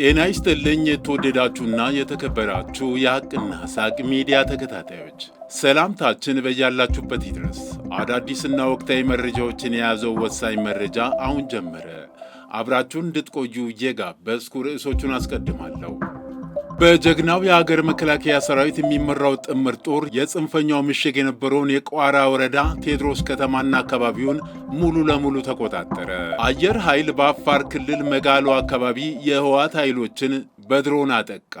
ጤና ይስጥልኝ የተወደዳችሁና የተከበራችሁ የሐቅና ሳቅ ሚዲያ ተከታታዮች ሰላምታችን በያላችሁበት ይድረስ። አዳዲስና ወቅታዊ መረጃዎችን የያዘው ወሳኝ መረጃ አሁን ጀመረ። አብራችሁን እንድትቆዩ እየጋበዝኩ ርዕሶቹን አስቀድማለሁ። በጀግናው የሀገር መከላከያ ሰራዊት የሚመራው ጥምር ጦር የጽንፈኛው ምሽግ የነበረውን የቋራ ወረዳ ቴዎድሮስ ከተማና አካባቢውን ሙሉ ለሙሉ ተቆጣጠረ። አየር ኃይል በአፋር ክልል መጋሎ አካባቢ የህወሓት ኃይሎችን በድሮን አጠቃ።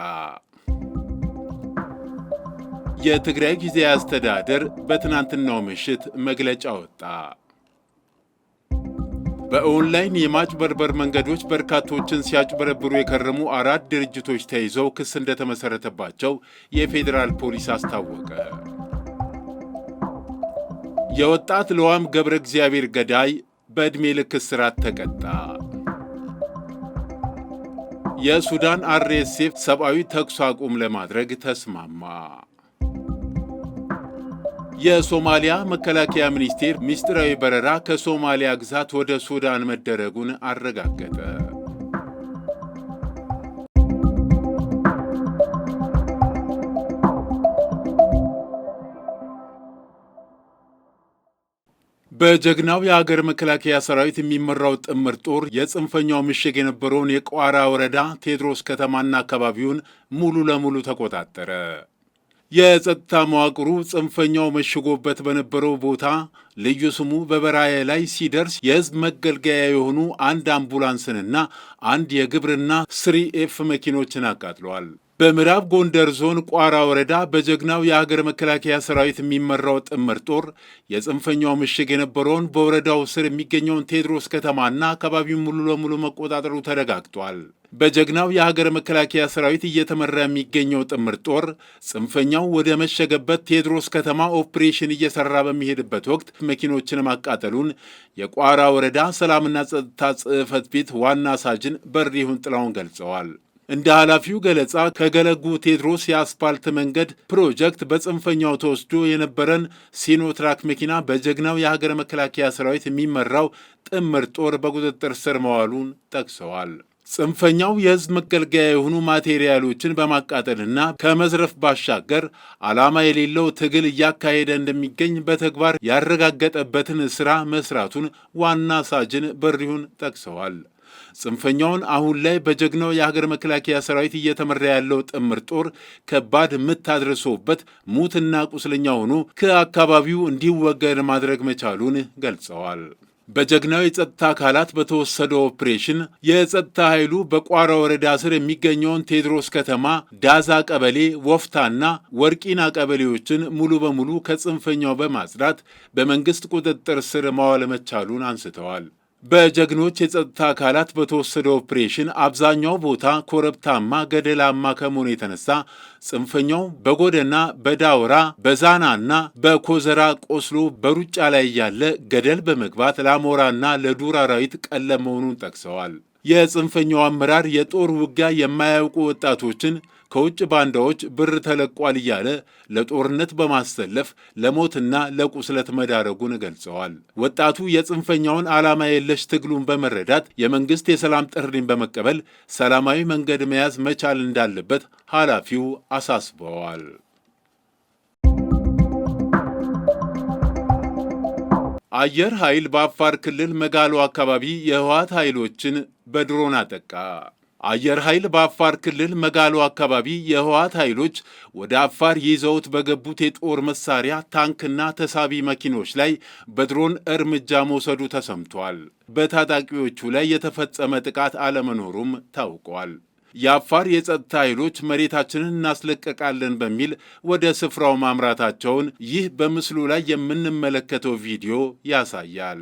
የትግራይ ጊዜያዊ አስተዳደር በትናንትናው ምሽት መግለጫ ወጣ። በኦንላይን የማጭበርበር መንገዶች በርካቶችን ሲያጭበረብሩ የከረሙ አራት ድርጅቶች ተይዘው ክስ እንደተመሰረተባቸው የፌዴራል ፖሊስ አስታወቀ። የወጣት ለዋም ገብረ እግዚአብሔር ገዳይ በዕድሜ ልክ እስራት ተቀጣ። የሱዳን አርኤስኤፍ ሰብአዊ ተኩስ አቁም ለማድረግ ተስማማ። የሶማሊያ መከላከያ ሚኒስቴር ምስጢራዊ በረራ ከሶማሊያ ግዛት ወደ ሱዳን መደረጉን አረጋገጠ። በጀግናው የአገር መከላከያ ሰራዊት የሚመራው ጥምር ጦር የጽንፈኛው ምሽግ የነበረውን የቋራ ወረዳ ቴዎድሮስ ከተማና አካባቢውን ሙሉ ለሙሉ ተቆጣጠረ። የጸጥታ መዋቅሩ ጽንፈኛው መሽጎበት በነበረው ቦታ ልዩ ስሙ በበራዬ ላይ ሲደርስ የሕዝብ መገልገያ የሆኑ አንድ አምቡላንስንና አንድ የግብርና ስሪ ኤፍ መኪኖችን አቃጥለዋል። በምዕራብ ጎንደር ዞን ቋራ ወረዳ በጀግናው የአገር መከላከያ ሰራዊት የሚመራው ጥምር ጦር የጽንፈኛው ምሽግ የነበረውን በወረዳው ስር የሚገኘውን ቴዎድሮስ ከተማና አካባቢውን ሙሉ ለሙሉ መቆጣጠሩ ተረጋግጧል። በጀግናው የሀገር መከላከያ ሰራዊት እየተመራ የሚገኘው ጥምር ጦር ጽንፈኛው ወደ መሸገበት ቴዎድሮስ ከተማ ኦፕሬሽን እየሰራ በሚሄድበት ወቅት መኪኖችን ማቃጠሉን የቋራ ወረዳ ሰላምና ጸጥታ ጽሕፈት ቤት ዋና ሳጅን በሪሁን ጥላውን ገልጸዋል። እንደ ኃላፊው ገለጻ ከገለጉ ቴድሮስ የአስፓልት መንገድ ፕሮጀክት በጽንፈኛው ተወስዶ የነበረን ሲኖትራክ መኪና በጀግናው የሀገር መከላከያ ሰራዊት የሚመራው ጥምር ጦር በቁጥጥር ስር መዋሉን ጠቅሰዋል። ጽንፈኛው የህዝብ መገልገያ የሆኑ ማቴሪያሎችን በማቃጠልና ከመዝረፍ ባሻገር ዓላማ የሌለው ትግል እያካሄደ እንደሚገኝ በተግባር ያረጋገጠበትን ስራ መስራቱን ዋና ሳጅን በሪሁን ጠቅሰዋል። ጽንፈኛውን አሁን ላይ በጀግናው የሀገር መከላከያ ሰራዊት እየተመራ ያለው ጥምር ጦር ከባድ ምት አድርሶበት ሙትና ቁስለኛ ሆኖ ከአካባቢው እንዲወገድ ማድረግ መቻሉን ገልጸዋል። በጀግናው የጸጥታ አካላት በተወሰደው ኦፕሬሽን የጸጥታ ኃይሉ በቋራ ወረዳ ስር የሚገኘውን ቴዎድሮስ ከተማ፣ ዳዛ ቀበሌ፣ ወፍታና ወርቂና ቀበሌዎችን ሙሉ በሙሉ ከጽንፈኛው በማጽዳት በመንግስት ቁጥጥር ስር ማዋል መቻሉን አንስተዋል። በጀግኖች የጸጥታ አካላት በተወሰደ ኦፕሬሽን አብዛኛው ቦታ ኮረብታማ ገደላማ ከመሆኑ የተነሳ ጽንፈኛው በጎደና በዳውራ በዛናና በኮዘራ ቆስሎ በሩጫ ላይ እያለ ገደል በመግባት ለአሞራና ለዱር አራዊት ቀለ መሆኑን ጠቅሰዋል። የጽንፈኛው አመራር የጦር ውጊያ የማያውቁ ወጣቶችን ከውጭ ባንዳዎች ብር ተለቋል እያለ ለጦርነት በማሰለፍ ለሞትና ለቁስለት መዳረጉን ገልጸዋል። ወጣቱ የጽንፈኛውን ዓላማ የለሽ ትግሉን በመረዳት የመንግሥት የሰላም ጥሪን በመቀበል ሰላማዊ መንገድ መያዝ መቻል እንዳለበት ኃላፊው አሳስበዋል። አየር ኃይል በአፋር ክልል መጋሎ አካባቢ የህወሓት ኃይሎችን በድሮን አጠቃ። አየር ኃይል በአፋር ክልል መጋሎ አካባቢ የህወሓት ኃይሎች ወደ አፋር ይዘውት በገቡት የጦር መሳሪያ ታንክና ተሳቢ መኪኖች ላይ በድሮን እርምጃ መውሰዱ ተሰምቷል። በታጣቂዎቹ ላይ የተፈጸመ ጥቃት አለመኖሩም ታውቋል። የአፋር የጸጥታ ኃይሎች መሬታችንን እናስለቀቃለን በሚል ወደ ስፍራው ማምራታቸውን ይህ በምስሉ ላይ የምንመለከተው ቪዲዮ ያሳያል።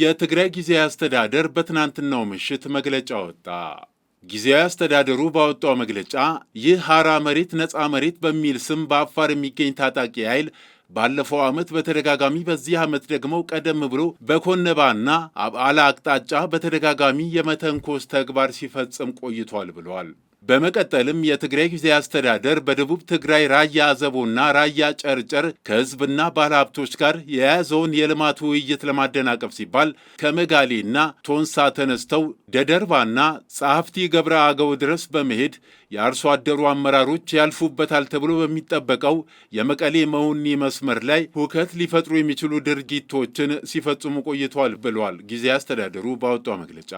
የትግራይ ጊዜያዊ አስተዳደር በትናንትናው ምሽት መግለጫ ወጣ። ጊዜያዊ አስተዳደሩ ባወጣው መግለጫ ይህ ሐራ መሬት ነፃ መሬት በሚል ስም በአፋር የሚገኝ ታጣቂ ኃይል ባለፈው ዓመት በተደጋጋሚ በዚህ ዓመት ደግሞ ቀደም ብሎ በኮነባና አብዓላ አቅጣጫ በተደጋጋሚ የመተንኮስ ተግባር ሲፈጽም ቆይቷል ብሏል። በመቀጠልም የትግራይ ጊዜ አስተዳደር በደቡብ ትግራይ ራያ አዘቦና ራያ ጨርጨር ከህዝብና ባለሀብቶች ጋር የያዘውን የልማት ውይይት ለማደናቀፍ ሲባል ከመጋሌና ቶንሳ ተነስተው ደደርባና ጸሐፍቲ ገብረ አገው ድረስ በመሄድ የአርሶ አደሩ አመራሮች ያልፉበታል ተብሎ በሚጠበቀው የመቀሌ መውኒ መስመር ላይ ሁከት ሊፈጥሩ የሚችሉ ድርጊቶችን ሲፈጽሙ ቆይተዋል ብለዋል ጊዜ አስተዳደሩ ባወጣው መግለጫ።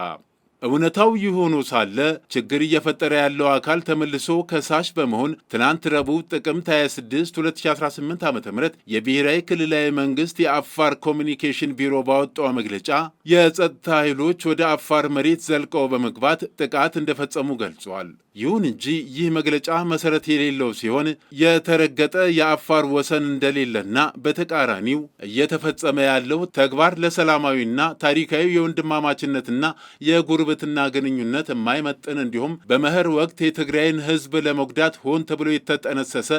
እውነታው ይህ ሳለ ችግር እየፈጠረ ያለው አካል ተመልሶ ከሳሽ በመሆን ትናንት ረቡዕ ጥቅምት 26 2018 ዓ ም የብሔራዊ ክልላዊ መንግስት የአፋር ኮሚኒኬሽን ቢሮ ባወጣው መግለጫ የጸጥታ ኃይሎች ወደ አፋር መሬት ዘልቀው በመግባት ጥቃት እንደፈጸሙ ገልጿል። ይሁን እንጂ ይህ መግለጫ መሰረት የሌለው ሲሆን የተረገጠ የአፋር ወሰን እንደሌለና በተቃራኒው እየተፈጸመ ያለው ተግባር ለሰላማዊና ታሪካዊ የወንድማማችነትና የጉርብትና ግንኙነት የማይመጥን እንዲሁም በመኸር ወቅት የትግራይን ሕዝብ ለመጉዳት ሆን ተብሎ የተጠነሰሰ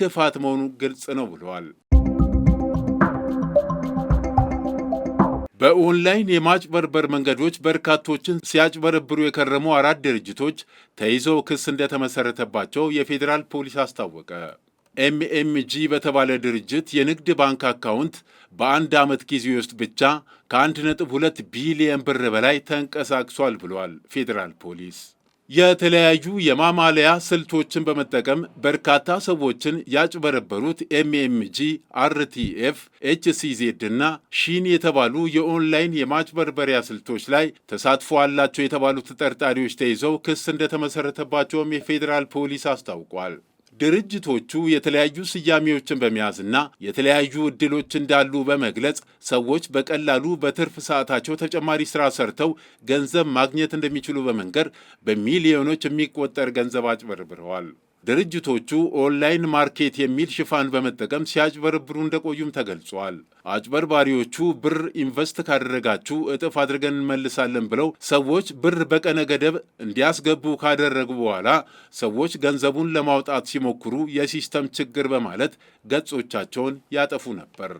ክፋት መሆኑ ግልጽ ነው ብለዋል። በኦንላይን የማጭበርበር መንገዶች በርካቶችን ሲያጭበረብሩ የከረሙ አራት ድርጅቶች ተይዘው ክስ እንደተመሰረተባቸው የፌዴራል ፖሊስ አስታወቀ። ኤምኤምጂ በተባለ ድርጅት የንግድ ባንክ አካውንት በአንድ ዓመት ጊዜ ውስጥ ብቻ ከ1.2 ቢሊየን ብር በላይ ተንቀሳቅሷል ብሏል ፌዴራል ፖሊስ። የተለያዩ የማማለያ ስልቶችን በመጠቀም በርካታ ሰዎችን ያጭበረበሩት ኤምኤምጂ፣ አርቲኤፍ፣ ኤችሲዜድ እና ሺን የተባሉ የኦንላይን የማጭበርበሪያ ስልቶች ላይ ተሳትፎ አላቸው የተባሉ ተጠርጣሪዎች ተይዘው ክስ እንደተመሰረተባቸውም የፌዴራል ፖሊስ አስታውቋል። ድርጅቶቹ የተለያዩ ስያሜዎችን በመያዝና የተለያዩ እድሎች እንዳሉ በመግለጽ ሰዎች በቀላሉ በትርፍ ሰዓታቸው ተጨማሪ ስራ ሰርተው ገንዘብ ማግኘት እንደሚችሉ በመንገር በሚሊዮኖች የሚቆጠር ገንዘብ አጭበርብረዋል። ድርጅቶቹ ኦንላይን ማርኬት የሚል ሽፋን በመጠቀም ሲያጭበረብሩ እንደቆዩም ተገልጿል። አጭበርባሪዎቹ ብር ኢንቨስት ካደረጋችሁ እጥፍ አድርገን እንመልሳለን ብለው ሰዎች ብር በቀነ ገደብ እንዲያስገቡ ካደረጉ በኋላ ሰዎች ገንዘቡን ለማውጣት ሲሞክሩ የሲስተም ችግር በማለት ገጾቻቸውን ያጠፉ ነበር።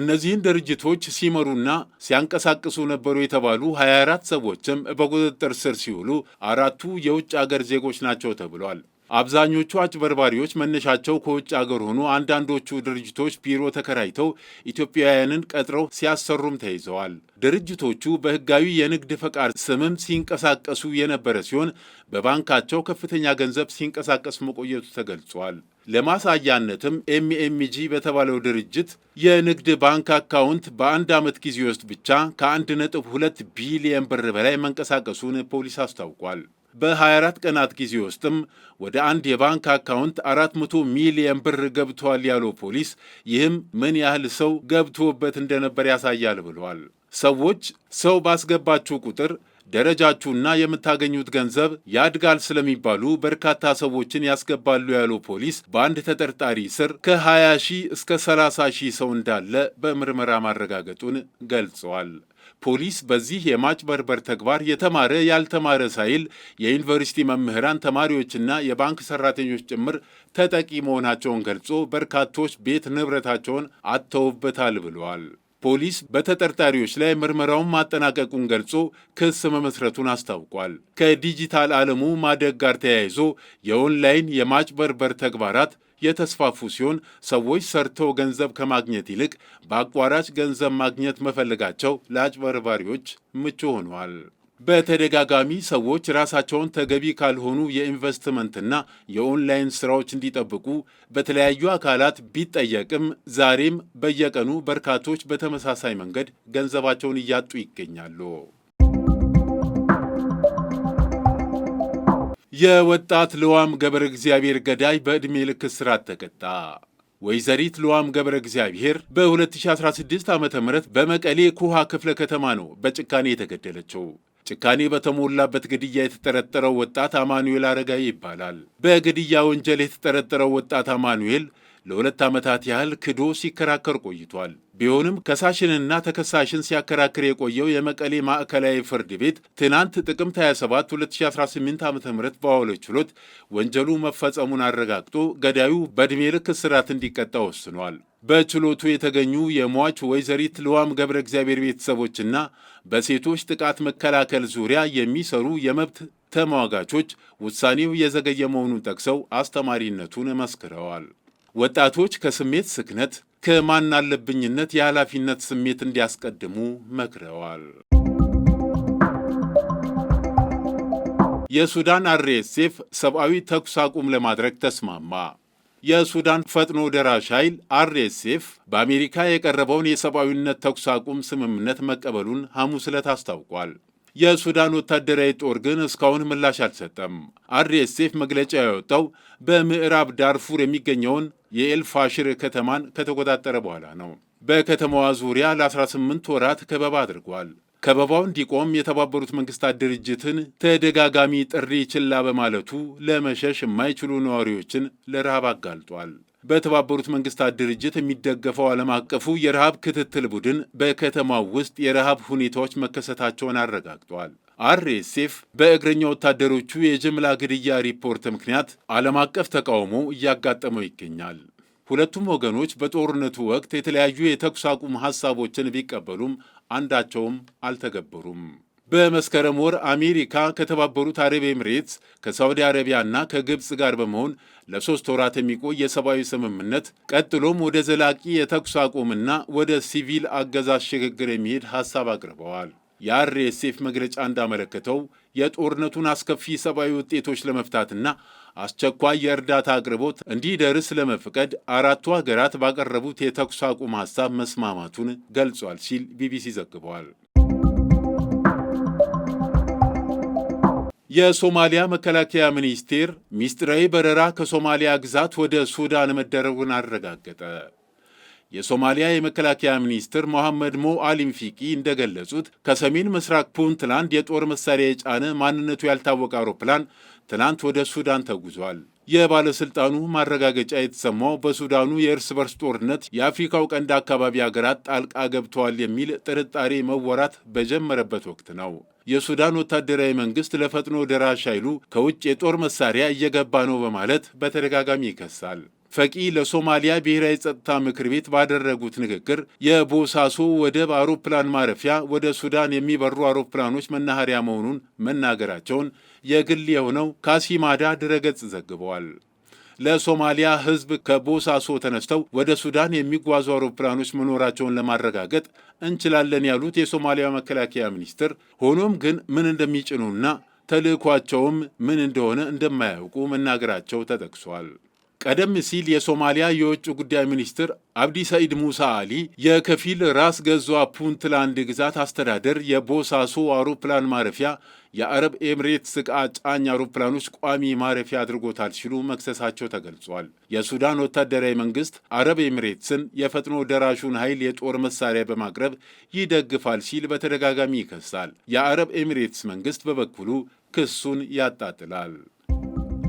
እነዚህን ድርጅቶች ሲመሩና ሲያንቀሳቅሱ ነበሩ የተባሉ 24 ሰዎችም በቁጥጥር ስር ሲውሉ አራቱ የውጭ አገር ዜጎች ናቸው ተብሏል። አብዛኞቹ አጭበርባሪዎች መነሻቸው ከውጭ አገር ሆኖ አንዳንዶቹ ድርጅቶች ቢሮ ተከራይተው ኢትዮጵያውያንን ቀጥረው ሲያሰሩም ተይዘዋል። ድርጅቶቹ በሕጋዊ የንግድ ፈቃድ ስምም ሲንቀሳቀሱ የነበረ ሲሆን በባንካቸው ከፍተኛ ገንዘብ ሲንቀሳቀስ መቆየቱ ተገልጿል። ለማሳያነትም ኤምኤምጂ በተባለው ድርጅት የንግድ ባንክ አካውንት በአንድ ዓመት ጊዜ ውስጥ ብቻ ከ1.2 ቢሊየን ብር በላይ መንቀሳቀሱን ፖሊስ አስታውቋል። በ24 ቀናት ጊዜ ውስጥም ወደ አንድ የባንክ አካውንት 400 ሚሊየን ብር ገብቷል ያለው ፖሊስ ይህም ምን ያህል ሰው ገብቶበት እንደነበር ያሳያል ብሏል። ሰዎች ሰው ባስገባችሁ ቁጥር ደረጃችሁና የምታገኙት ገንዘብ ያድጋል ስለሚባሉ በርካታ ሰዎችን ያስገባሉ ያለው ፖሊስ በአንድ ተጠርጣሪ ስር ከ20 ሺህ እስከ 30 ሺህ ሰው እንዳለ በምርመራ ማረጋገጡን ገልጸዋል። ፖሊስ በዚህ የማጭበርበር ተግባር የተማረ ያልተማረ ሳይል የዩኒቨርሲቲ መምህራን፣ ተማሪዎችና የባንክ ሰራተኞች ጭምር ተጠቂ መሆናቸውን ገልጾ በርካቶች ቤት ንብረታቸውን አጥተውበታል ብለዋል። ፖሊስ በተጠርጣሪዎች ላይ ምርመራውን ማጠናቀቁን ገልጾ ክስ መመስረቱን አስታውቋል። ከዲጂታል ዓለሙ ማደግ ጋር ተያይዞ የኦንላይን የማጭበርበር ተግባራት የተስፋፉ ሲሆን ሰዎች ሰርተው ገንዘብ ከማግኘት ይልቅ በአቋራጭ ገንዘብ ማግኘት መፈለጋቸው ለአጭበርባሪዎች ምቹ ሆነዋል። በተደጋጋሚ ሰዎች ራሳቸውን ተገቢ ካልሆኑ የኢንቨስትመንትና የኦንላይን ስራዎች እንዲጠብቁ በተለያዩ አካላት ቢጠየቅም ዛሬም በየቀኑ በርካቶች በተመሳሳይ መንገድ ገንዘባቸውን እያጡ ይገኛሉ። የወጣት ልዋም ገብረ እግዚአብሔር ገዳይ በዕድሜ ልክ እስራት ተቀጣ። ወይዘሪት ልዋም ገብረ እግዚአብሔር በ2016 ዓ ም በመቀሌ ኩሃ ክፍለ ከተማ ነው በጭካኔ የተገደለችው። ጭካኔ በተሞላበት ግድያ የተጠረጠረው ወጣት አማኑኤል አረጋዊ ይባላል። በግድያ ወንጀል የተጠረጠረው ወጣት አማኑኤል ለሁለት ዓመታት ያህል ክዶ ሲከራከር ቆይቷል። ቢሆንም ከሳሽንና ተከሳሽን ሲያከራክር የቆየው የመቀሌ ማዕከላዊ ፍርድ ቤት ትናንት ጥቅምት 27 2018 ዓ ም በዋለው ችሎት ወንጀሉ መፈጸሙን አረጋግጦ ገዳዩ በዕድሜ ልክ እስራት እንዲቀጣ ወስኗል። በችሎቱ የተገኙ የሟች ወይዘሪት ልዋም ገብረ እግዚአብሔር ቤተሰቦችና በሴቶች ጥቃት መከላከል ዙሪያ የሚሰሩ የመብት ተሟጋቾች ውሳኔው የዘገየ መሆኑን ጠቅሰው አስተማሪነቱን መስክረዋል። ወጣቶች ከስሜት ስክነት፣ ከማናለብኝነት የኃላፊነት ስሜት እንዲያስቀድሙ መክረዋል። የሱዳን አርኤስኤፍ ሰብአዊ ተኩስ አቁም ለማድረግ ተስማማ። የሱዳን ፈጥኖ ደራሽ ኃይል አርኤስኤፍ በአሜሪካ የቀረበውን የሰብአዊነት ተኩስ አቁም ስምምነት መቀበሉን ሐሙስ ዕለት አስታውቋል። የሱዳን ወታደራዊ ጦር ግን እስካሁን ምላሽ አልሰጠም። አርኤስኤፍ መግለጫ ያወጣው በምዕራብ ዳርፉር የሚገኘውን የኤልፋሽር ከተማን ከተቆጣጠረ በኋላ ነው። በከተማዋ ዙሪያ ለ18 ወራት ከበባ አድርጓል። ከበባው እንዲቆም የተባበሩት መንግስታት ድርጅትን ተደጋጋሚ ጥሪ ችላ በማለቱ ለመሸሽ የማይችሉ ነዋሪዎችን ለረሃብ አጋልጧል። በተባበሩት መንግስታት ድርጅት የሚደገፈው ዓለም አቀፉ የረሃብ ክትትል ቡድን በከተማው ውስጥ የረሃብ ሁኔታዎች መከሰታቸውን አረጋግጧል። አርኤስኤፍ በእግረኛ ወታደሮቹ የጅምላ ግድያ ሪፖርት ምክንያት ዓለም አቀፍ ተቃውሞ እያጋጠመው ይገኛል። ሁለቱም ወገኖች በጦርነቱ ወቅት የተለያዩ የተኩስ አቁም ሐሳቦችን ቢቀበሉም አንዳቸውም አልተገበሩም። በመስከረም ወር አሜሪካ ከተባበሩት አረብ ኤምሬትስ ከሳውዲ አረቢያና ከግብፅ ጋር በመሆን ለሦስት ወራት የሚቆይ የሰብአዊ ስምምነት ቀጥሎም ወደ ዘላቂ የተኩስ አቁምና ወደ ሲቪል አገዛዝ ሽግግር የሚሄድ ሐሳብ አቅርበዋል። የአርኤስኤፍ መግለጫ እንዳመለከተው የጦርነቱን አስከፊ ሰብአዊ ውጤቶች ለመፍታትና አስቸኳይ የእርዳታ አቅርቦት እንዲደርስ ለመፍቀድ አራቱ ሀገራት ባቀረቡት የተኩስ አቁም ሀሳብ መስማማቱን ገልጿል ሲል ቢቢሲ ዘግበዋል። የሶማሊያ መከላከያ ሚኒስቴር ሚስጥራዊ በረራ ከሶማሊያ ግዛት ወደ ሱዳን መደረጉን አረጋገጠ። የሶማሊያ የመከላከያ ሚኒስትር ሞሐመድ ሞ አሊምፊቂ እንደገለጹት ከሰሜን ምስራቅ ፑንትላንድ የጦር መሳሪያ የጫነ ማንነቱ ያልታወቀ አውሮፕላን ትናንት ወደ ሱዳን ተጉዟል። የባለሥልጣኑ ማረጋገጫ የተሰማው በሱዳኑ የእርስ በርስ ጦርነት የአፍሪካው ቀንድ አካባቢ አገራት ጣልቃ ገብተዋል የሚል ጥርጣሬ መወራት በጀመረበት ወቅት ነው። የሱዳን ወታደራዊ መንግሥት ለፈጥኖ ደራሽ ኃይሉ ከውጭ የጦር መሳሪያ እየገባ ነው በማለት በተደጋጋሚ ይከሳል። ፈቂ ለሶማሊያ ብሔራዊ ጸጥታ ምክር ቤት ባደረጉት ንግግር የቦሳሶ ወደብ አውሮፕላን ማረፊያ ወደ ሱዳን የሚበሩ አውሮፕላኖች መናኸሪያ መሆኑን መናገራቸውን የግል የሆነው ካሲማዳ ድረገጽ ዘግበዋል። ለሶማሊያ ሕዝብ ከቦሳሶ ተነስተው ወደ ሱዳን የሚጓዙ አውሮፕላኖች መኖራቸውን ለማረጋገጥ እንችላለን ያሉት የሶማሊያ መከላከያ ሚኒስትር፣ ሆኖም ግን ምን እንደሚጭኑና ተልዕኳቸውም ምን እንደሆነ እንደማያውቁ መናገራቸው ተጠቅሷል። ቀደም ሲል የሶማሊያ የውጭ ጉዳይ ሚኒስትር አብዲ ሰኢድ ሙሳ አሊ የከፊል ራስ ገዟ ፑንትላንድ ግዛት አስተዳደር የቦሳሶ አውሮፕላን ማረፊያ የአረብ ኤምሬትስ ዕቃ ጫኝ አውሮፕላኖች ቋሚ ማረፊያ አድርጎታል ሲሉ መክሰሳቸው ተገልጿል። የሱዳን ወታደራዊ መንግስት አረብ ኤምሬትስን የፈጥኖ ደራሹን ኃይል የጦር መሳሪያ በማቅረብ ይደግፋል ሲል በተደጋጋሚ ይከሳል። የአረብ ኤምሬትስ መንግስት በበኩሉ ክሱን ያጣጥላል።